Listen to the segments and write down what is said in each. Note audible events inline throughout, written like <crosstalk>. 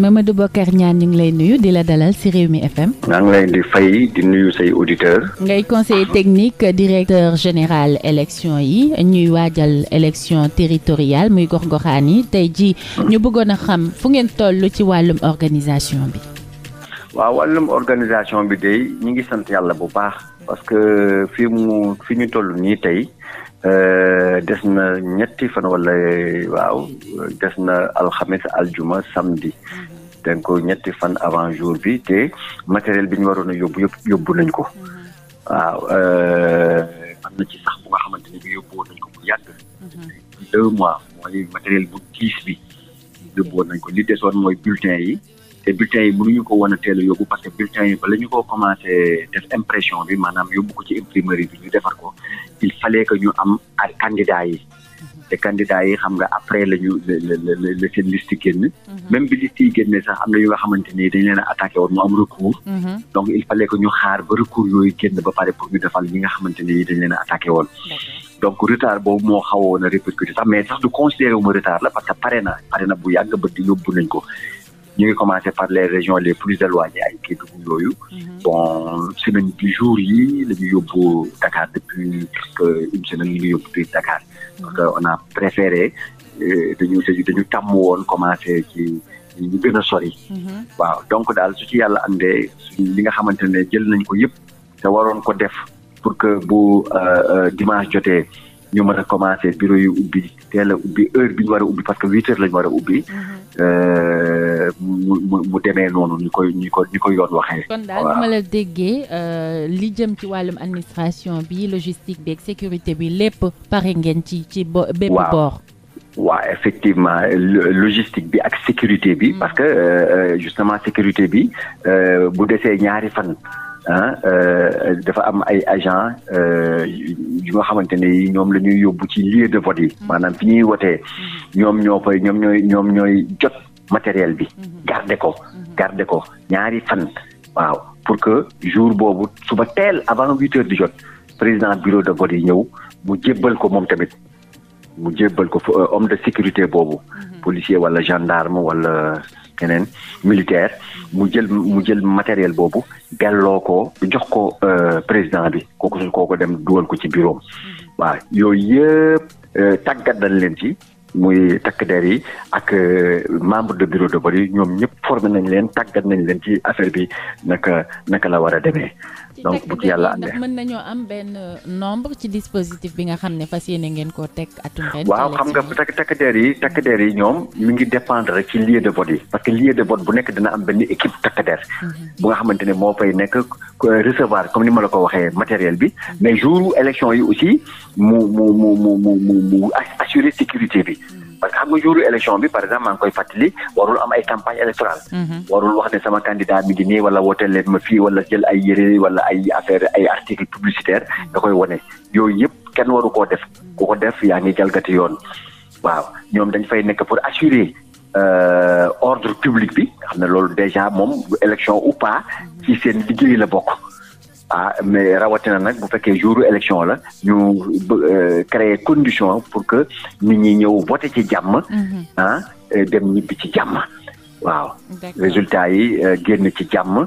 Mamadou Bocar Niane ñu ngi lay nuyu di la dalal ci Rewmi FM. maa ngi lay di fay di nuyu say auditeur ngay conseiller technique directeur général élection yi ñuy waajal élection territoriale muy gox-goxaan yi tey ji ñu bëggoon a xam fu ngeen toll ci wàllum organisation bi. waaw wàllum organisation bi de ñu ngi sant yàlla bu baax. parce que fi mu fi ñu toll nii tey Euh, des na ñetti fan wala waaw des na alxames aljuma samedi donc ñetti fan avant jour bi te matériel bi ñu waroon a yóbbu yëpp yóbbu nañ ko waaw euh, am na ci sax bu nga xamante ne bi yóbbu woon nañ ko bu yàgg mhm. deux mois mooy matériel bu tiis bi yóbbu nañ ko li desoon mooy bulletin yi te bulletin yi mënuñu ko woon a teel a yóbbu parce yi bala ñu ko commencé def impression bi maanaam yóbbu ko ci imprimerie bi ñu defar ko il fallait ñu am ak yi te candidat yi xam nga après la la seen liste génn mhm. bi liste sax am na yu nga xamante ni dañ leen a attaqué woon mu am recours mhm. donc il fallait que ñu xaar ba recours yooyu génn ba pare pour ñu defal ñi nga xamante ni dañ leen a attaqué woon donc retard boobu moo xawoon a répercuté sax mais sax du considéré parce que pare na bu yàgg ba ñu ngi commencé par les région les plus a ay Kédougou yooyu mhm. bon semaine bi yi la ñu yóbbu Dakar depuis presque une semaine ngi yóbbu Dakar mhm. parce que on préféré euh, dañu dañu tàmm woon commencé ci ñu gën a sori mhm. waaw donc daal su yàlla andee suñ li nga xamante ne jël nañ ko yëpp te waroon ko def pour que bu euh, euh, dimanche jotee ñu mën a commencé bureau yu ubbi teel a ubbi heure bi ñu ubbi parce que huit heures la ñu war ubbi. Mm-hmm. Euh, mu demee noonu ñu koy ñu ko ñu koy yoon waxee. kon daal bu ma la déggee euh, li jëm ci wàllum administration bi logistique bi ak sécurité bi lépp pare ngeen ci ci bo bépp boor. waaw ouais, effectivement logistique bi ak sécurité bi. Mm. parce que euh, euh, justement sécurité bi bu desee ñaari fan. ah euh, dafa am ay agent euh, yu nga xamante ne ñoom la ñuy yóbbu ci lieu de vote yi mm-hmm. maanaam fi ñuy wotee mm-hmm. ñoom ñoo fay ñoom ñooy ñoom ñooy jot matériel bi mm-hmm. garder ko garder ko ñaari fan waaw pour que jour boobu suba teel avant huit heures di jot président bureau de vote yi ñëw mu jébbal ko moom tamit mu jëbal ko euh, homme de sécurité boobu policier wala gendarme wala keneen militaire mu jël mu jël matériel boobu delloo ko jox ko euh, président bi kooku ko ko dem dugal ko ci bureau waaw yooyu yëpp euh, tàggat dañ leen ci muy takk der yi ak euh, membre de bureau de bord yi ñoom ñëpp formé nañ leen tàggat nañ leen ci affaire bi naka naka la war a demee donc bu ci yàlla andee mën nañoo am benn euh, nombre ci dispositif bi nga xam ne fas yéene ngeen koo teg atum ren. waaw xam nga takk takk der yi takk yi ñoom mi ngi dépendre ci lieu de vote yi parce que lieu de vote bu nekk dina am benn équipe takk der. Mhm. bu nga xamante ne moo fay nekk euh, recevoir comme ni ma la ko waxee matériel bi mhm. mais jour élection yi aussi mu mu mu mu mu mu assurer sécurité bi. Mhm. parce que xam nga jouru élection bi par exemple maa ngi koy fàttali warul ay affaire ay article publicitaire nga koy wane yooyu yëpp kenn waru koo def ku ko def yaa ngi jalgati yoon waaw ñoom dañ fay nekk pour assurer euh, ordre public bi xam ne loolu déjà moom élection ou pas ci seen liggéey la bokk ah mais rawatina nag bu fekkee jouru élection la ñu euh, créer condition pour que nit ñi ñëw voté ci jàmm mm-hmm. ah dem ñibbi ci jàmm waaw résultat yi euh, génn ci jàmm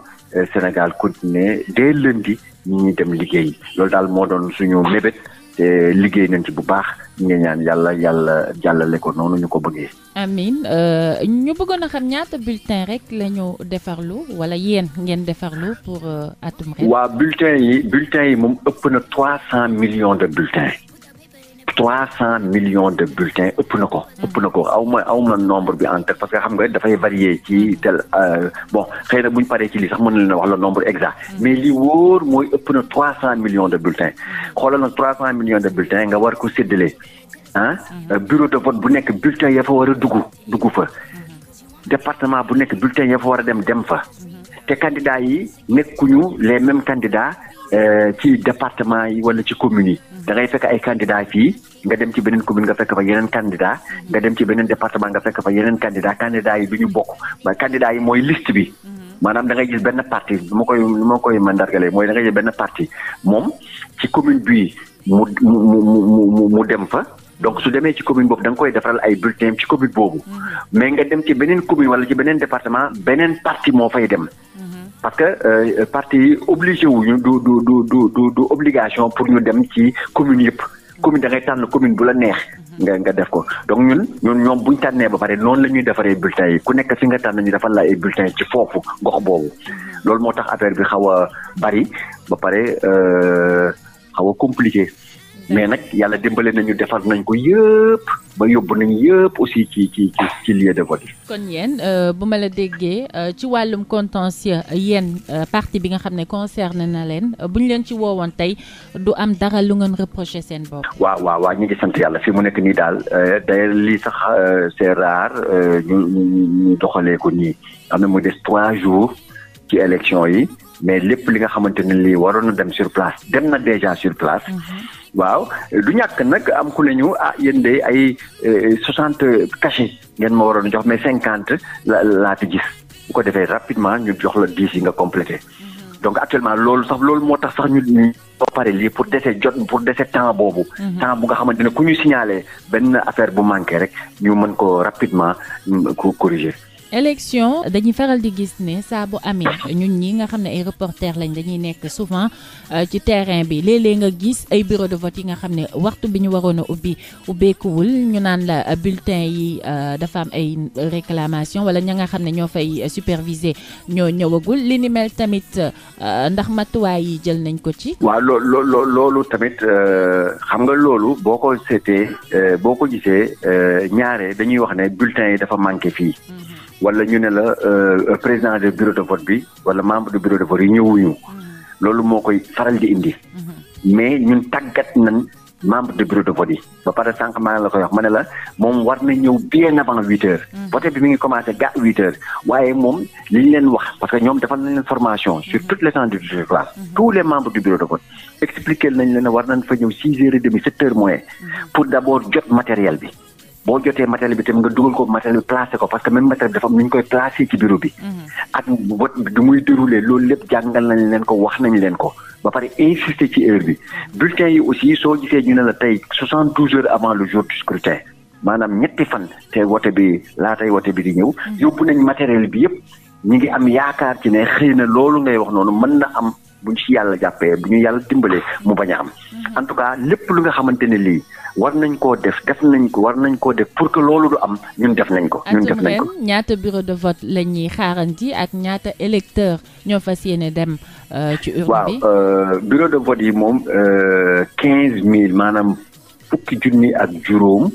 Sénégal continuer dès lundi ñu ñuy dem liggéey loolu daal moo doon suñu mébét te liggéey nañ ci bu baax ñu ñaan yàlla yàlla jàllale ko noonu ñu ko bëggee. amin euh, ñu bëggoon a xam ñaata bulletin rek la ñu defarlu wala yéen ngeen defarlu pour euh, atum ren. waa bulletin yi bulletin yi moom ëpp na trois cent millions de bulletins. trois cent millions de bulletins ëpp na ko. Hmm. ëpp na ko aw ma aw ma nombre bi en parce que xam nga dafay varier ci tel euh, bon xëy na bu ñu paree ci lii sax mën na leen wax le nombre exact hmm. mais lii wóor mooy ëpp na trois cent millions de bulletins xoolal na trois cent millions de bulletins nga war ko séddale ah hmm. euh, bureau de vote bu nekk bulletin ya fa war a dugg dugg fa département bu nekk bulletin ya fa war a dem dem fa te candidats yi nekkuñu les mêmes candidats euh, ci département yi wala ci communes yi. dangay fekk ay candidat fii nga dem ci beneen commune nga fekk fa yeneen candidat nga dem ci beneen département nga fekk fa yeneen candidat candidat yi du ñu bokk ma candidat yi mooy liste bi mhm. maanaam dangay ngay gis benn parti lu koy lu koy mandargalee mooy da ngay gis benn parti moom ci commune bi mu mu mu dem fa donc su demee ci commune boobu danga koy defaral ay bulletins ci commune boobu mhm. mais nga dem ci beneen commune wala ci beneen département beneen parti moo fay dem mhm. parce que euh, parti yi wuñu du du du du du obligation pour ñu dem ci commune yëpp commune da tànn commune bu la neex nga nga def ko donc ñun ñun ñoom bu tànnee ba pare noonu la ñuy defaree bulletins yi ku nekk fi nga tànn ñu defal la ay bulletins ci foofu gox boobu loolu moo tax affaire bi xaw a bari ba pare euh, xaw a compliqué mais nag yàlla dimbale nañu defar nañ ko yëpp ba yóbbu nañu yëpp aussi ci ci ci ci lieu de vote kon yéen euh, bu ma la déggee euh, ci wàllum contentieux yenn euh, parti bi nga xam ne concerné na leen bu ñu leen ci woowoon tey du am dara lu ngeen reproché seen bopp. waaw waaw waaw ñu ngi sant yàlla fi mu nekk nii daal d'ailleurs lii sax c'est rare ñu ñu doxalee ko nii am na mu des trois jours ci élection yi. mais lépp li nga xamante ne lii waroon na dem sur place dem na déjà sur place. Mhm. waaw du ñàkk nag am ku ne ñu a ah, yéen de ay euh, soixante cachets ngeen ma waroon jox mais cinquante la laata bu ko defee rapidement ñu jox la dix yi nga complété. Mhm. donc actuellement loolu sax loolu moo tax sax ñu ñu ba pare lii pour dese jot pour dese temps boobu. Mhm. temps bu nga xamante ne ku ñu signalé benn affaire bu manqué rek ñu mën ko rapidement mm, ko corriger. élection dañuy faral di gis ne saa bu amee ñun ñi nga xam ne ay reporter lañ dañuy nekk souvent euh, ci terrain bi léeg-léeg nga gis ay bureau de vote yi nga xam ne waxtu bi ñu waroon a ubbi ubbeekuwul ñu naan la bulletin yi euh, dafa am ay réclamation wala ña nga xam ne ñoo fay superviser ñoo ñëwagul li ni mel tamit euh, ndax matuwaay yi jël nañ ko ci. waaw loo loo loolu tamit xam nga loolu boo ko seetee boo ko gisee ñaare dañuy wax ne bulletin yi dafa manqué fii. Mm-hmm. wala ñu ne la euh, euh, président de bureau de vote bi wala membre du bureau de vote yi ñëwuñu mm. loolu moo koy faral di indi mm-hmm. mais ñun tàggat nañ membre du bureau de vote yi ba pare sànq maa ngi la koy wax ma ne la moom war na ñëw bien avant huit heures mm. vote bi mi ngi commencé ga huit heures waaye moom li ñu leen wax parce que ñoom defal nañ leen formation sur toute l'étendue du territoire tous les membres du bureau de vote expliqué nañ leen ne war nañ fa ñëw six heures et demi sept heures moins mm-hmm. bi boo jotee matériel bi tamit nga dugal ko matériel bi placé ko parce que même matériel bi dafa am nu koy placé ci bureau bi. Mhm. ak wat du muy déroulé loolu lépp jàngal nañ leen ko wax nañ leen ko ba pare insister ci heure bi bulletin yi aussi soo gisee ñu ne la tey soixante douze heures avant le jour du scrutin. maanaam ñetti fan te wote bi laatay wote bi di ñëw. Mhm. yóbbu nañ matériel bi yëpp ñu ngi am yaakaar ci ne xëy na loolu ngay wax noonu mën na am. buñ ci yàlla jàppee bu ñu yàlla dimbalee mu bañ a am mhm. en tout cas lépp lu nga xamante ne lii war nañ koo def def nañ ko war nañ koo def pour que loolu du am ñun def nañ ko ñun def nañ ko ñaata bureau de vote la ñuy xaaranti ak ñaata électeur ñoo fas yéene dem euh, ci urne bi waaw euh, bureau de vote yi moom euh, quinze mille maanaam fukki junni ak juróom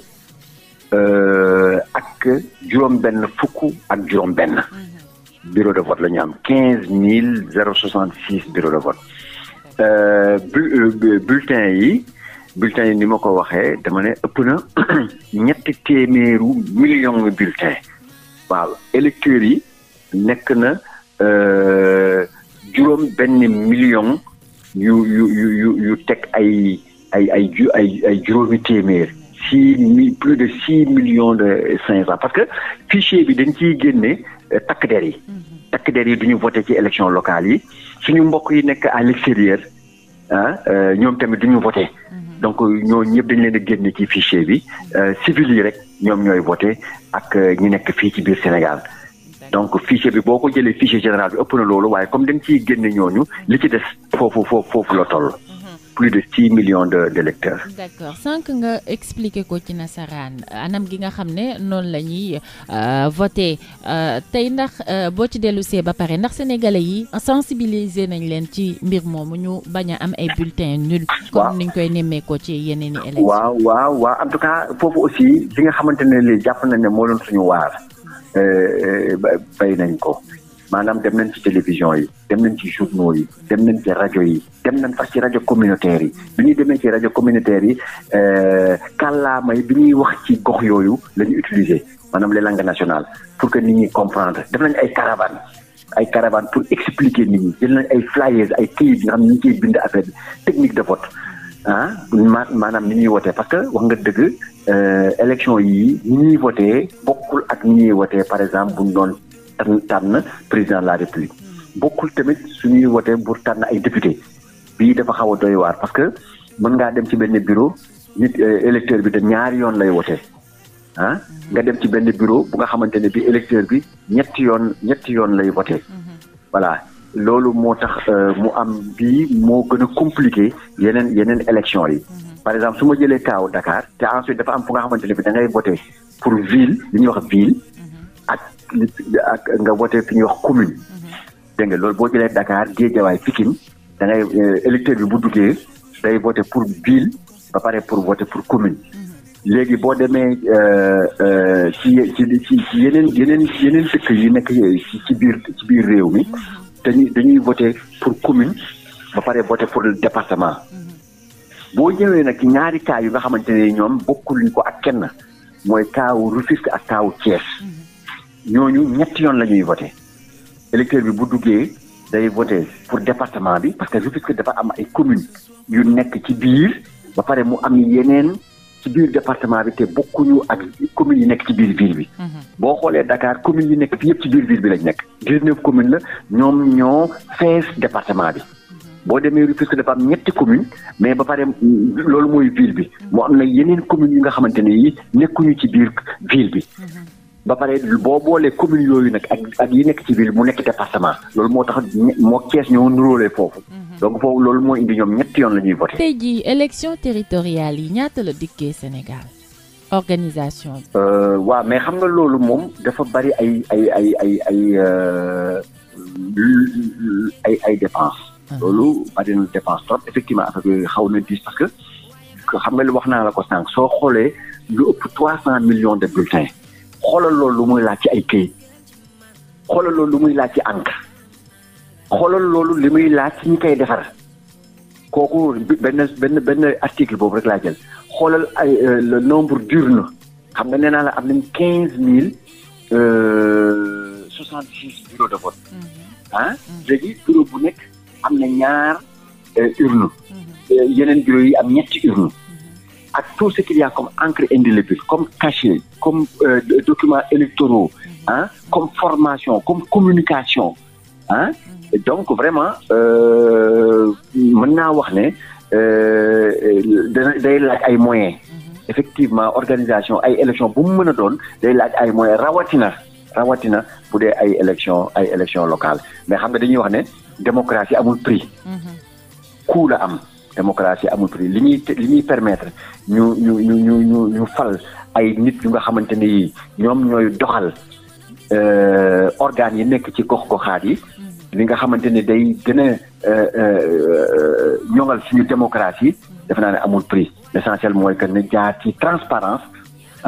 ak juróom benn fukk ak juróom benn mhm. bureau la ñu am quinze mille zéro soixante six bureau euh, euh, yi bulletin ni ma ko waxee dama ne ëpp na <clears throat> ñetti téeméeru million bulletin waaw électeurs yi nekk na euh, juróom benn million yu yu yu yu teg ay ay ay ay ay juróomi téeméer six mille plus de six millions de cinq cent parce que fichier bi dañ ci génne euh, takk der yi. Mhm. takk der yi du ñu voté ci élection locale yi suñu mbokk yi nekk à l'extérieur ah ñoom tamit duñu ñu voté. Mhm. donc euh, ñoo ñëpp dañ leen a génne ci fichier bi civil yi rek ñoom ñooy voté ak ñi nekk fii ci biir Sénégal. donc fichier bi boo ko jëlee fichier général bi ëpp na loolu waaye comme dañ ciy génne ñooñu li ci des foofu foofu foofu la toll. plus de six millions de d' électeurs. d' accord sànq nga expliqué ko ci nasaraan anam gi nga xam ne noonu la ñuy euh, voté euh, tey ndax euh, boo ci dellu ba pare ndax sénégalais yi sensibiliser nañ leen ci mbir moomu ñu bañ a am ay bulletins nuls. comme niñ koy nemmeekoo ci yeneen i waaw waaw waaw en tout cas foofu aussi li nga xamante ne lii jàpp nañ ne moo doon suñu waar. bay nañ ko. maanaam dem nañ ci télévision yi dem nañ ci journaux yi dem nañ ci rajo yi dem nañ sax ci rajo communautaire yi bi ñuy demee ci rajo communautaire yi euh, kàllaama yi bi ñuy wax ci gox yooyu lañu ñu utiliser maanaam les langues nationales pour que ni ñi comprendre def nañ ay caravane ay caravane pour expliquer nit ñi jël nañ ay flyers ay kayit yi nga xam ne ñu affaire bi technique de vote ah ma maanaam ni ñuy wotee parce que wax nga dëgg euh, élection yi ni ñuy wotee bokkul ak ni ñuy wotee par exemple buñ doon tànn président de la république bokkul tamit suñuy wote pour tànn ay député bii defa xaw a doy waar parce que mën ngaa dem ci benn bureau euh, électeur bi te ñaari yoon lay wote ah mhm. nga dem ci benn bureau bu nga xamante ne bi électeur bi ñetti yoon ñetti yoon lay wote mhm. voilà loolu moo tax euh, mu am bii moo gën a compliqué yeneen yeneen élection yi mhm. par exemple su ma jëlee kaaw Dakar te ensuite dafa am fu nga xamante ne bi da ngay pour ville li ñuy wax ville ak ak nga wote fi ñuy wax commune. Mhm. dégg nga loolu boo jëlee Dakar Guédiawaye Pikine da ngay euh, électeur bi bu duggee day voté pour ville ba pare pour voté pour commune. Mhm. léegi boo demee euh, euh, ci ci ci yeneen yeneen yeneen dëkk yi nekk ci biir biir réew mi mhm. dañuy dañuy voté pour commune ba pare voté pour département boo ñëwee nag ñaari cas yu nga xamante ne ñoom bokkul ñu ko ak kenn mooy kaawu Rufisque ak kaawu Thiès. ñooñu ñetti yoon la ñuy voté bi bu duggee day voté pour département bi parce que Rufisque dafa am ay communes yu nekk ci biir ba pare mu am yeneen ci biir département bi te bokkuñu ak communes yu nekk ci biir ville bi. Mhm. boo xoolee Dakar commune yi nekk fi yëpp ci biir ville bi lañ nekk. 19 communes la ñoom ñoo fees département bi. Mhm. boo demee Rufisque dafa am ñetti commune mais ba pare loolu mooy ville bi. Mhm. mu am na yeneen communes yi nga xamante ne yi nekkuñu ci biir ville bi. ba pare boo boolee communes yooyu nag ak ak yi nekk ci biir mu nekk département loolu moo tax moo Cees ñoo nuróolee foofu. Mhm. donc foofu loolu moo indi ñoom ñetti yoon la ñuy voté. tey jii élection territoriale yi ñaata la dikkee Sénégal organisation bi. Euh, waaw mais xam nga loolu moom dafa bari ay ay ay ay ay euh, ay ay dépenses. Ah. loolu bari na dépense trop effectivement affaire xaw na diis parce que xam nga li wax naa la ko sànq soo xoolee lu ëpp trois cent millions de bulletins. xoolal loolu lu muy laaj ci ay këyit xoolal loolu lu muy laaj ci encre xoolal loolu li muy laaj ci ñi koy defar kooku benn benn benn boobu rek laa jël xoolal ay euh, nombre d'urnes xam nga nee naa la am nañ quinze mille euh, soixante six bureau de vote mm-hmm. ah mm-hmm. léegi bureau bu nekk am na ñaar euh, urne mm-hmm. yeneen bureau yi am ñetti urne ak tout ce qu'il y comme encre indélébile comme cachet comme euh, documents ah comme formation comme communication ah donc vraiment euh, mën naa wax ne euh, dana day laaj ay moyens mhm. effectivement organisation ay élection bu mu mën a doon day laaj ay moyens rawatina rawatina bu dee ay élection ay élection locale mais xam nga dañuy wax ne démocratie amul prix coût la am démocratie amul prix li ñuy permetre ñu ñu ñu ñu ñu ñu fal ay nit yu nga xamante ne yii ñoom ñooy doxal euh, organes yi nekk ci gox-goxaat yi mm-hmm. li nga xamante ne day gën a euh, euh, ñoŋal suñu démocratie def naa ne amul prix l'essentiel mooy que ne jaar ci transparence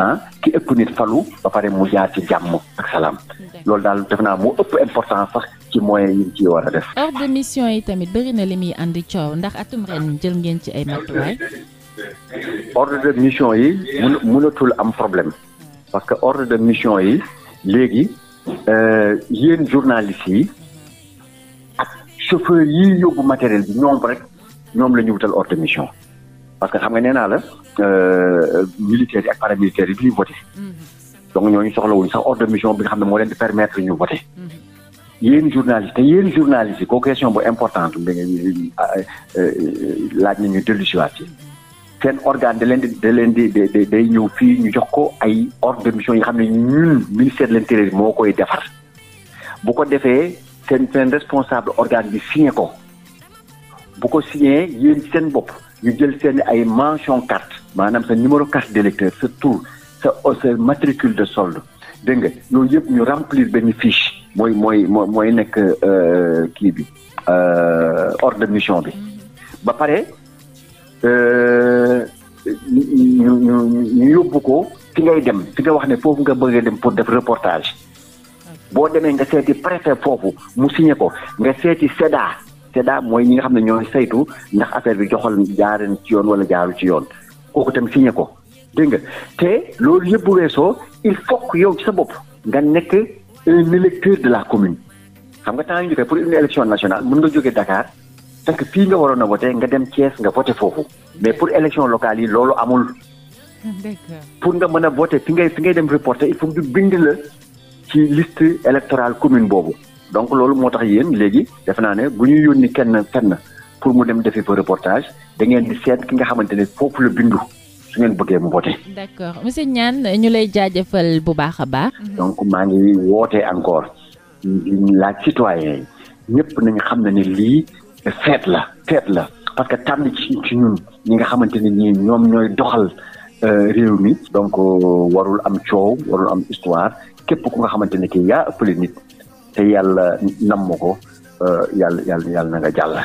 ah ki ëpp nit falu ba pare mu jaar ci jàmm ak salaam loolu daal defe naa moo ëpp importance sax ci moyens yi ciy war a def. ordre mission yi tamit bëri na li muy andi coow ndax atum ren jël ngeen ci ay matuwaay. ordre de mission yi mun mënatul am problème parce que ordre de mission yi léegi euh, yéen journalistes yi ak chauffeur yi yóbbu matériel bi ñoom rek ñoom la ñu wutal ordre de mission parce que xam nga nee naa la euh, militaires yi ak paramilitaires yi du ñu voté mhm. donc ñooñu soxlawuñ sax ordre de mission bi nga xam ne moo leen di permettre ñu voté. Mhm. yéen journaliste te yéen journaliste yi ko question bu importante bi ah, euh, laaj nañu dellu si waat ci seen organe da leen di de leen di day ñëw fii ñu jox ko ay ordre de mission xam ne ñun ministère leen l'intérieur moo koy defar bu ko defee seen responsable organe bi signé ko bu ko signé yéen seen bopp ñu jël seen ay mention carte maanaam sa numéro carte directeur sa tour sa matricule de solde dégg nga loolu yëpp ñu remplir benn fiche mooy mooy mooy nekk euh, kii bi euh, ordre de mission bi ba pare euh, ñu ñu ñu yóbbu ko fi ngay dem fi nga wax ne foofu nga bëggee dem pour def reportage boo demee nga seeti préfet foofu mu signé ko nga seeti SEDA SEDA mooy ñi nga xam ne ñooy saytu ndax affaire bi joxal jaaren ci yoon wala jaaru ci yoon kooku tam signé ko dégg nga te loolu yëpp bu il faut yow ci sa bopp nga nekk. un électeur de la commune xam nga temps yu jógee pour une élection nationale mën nga jógee Dakar fekk fii nga waroon a vote nga dem Thiès nga vote foofu mais pour élection locale yi loolu amul pour nga mën a vote fi ngay fi ngay dem reporter il faut du bind la ci liste électorale commune boobu donc loolu moo tax yéen léegi defe naa ne bu ñuy yónni kenn fenn pour mu dem defi fa reportage da ngeen di seet ki nga xamante ne foofu la bindu su ngeen bëggee mu voté. d'accord monsieur Niane ñu lay jaajëfal bu baax a baax. Mm-hmm. donc maa ngi wootee encore laaj citoyen ñëpp nañu xam ne ni lii feet la feet la parce que tànn ci ñun ñi nga xamante ne ñii ñoom ñooy doxal euh, réew mi. donc euh, warul am coow warul am histoire képp ku nga xamante ne ki yaa ëppale nit te yàlla nam ma ko euh, yàlla yàlla yàlla na nga jàll.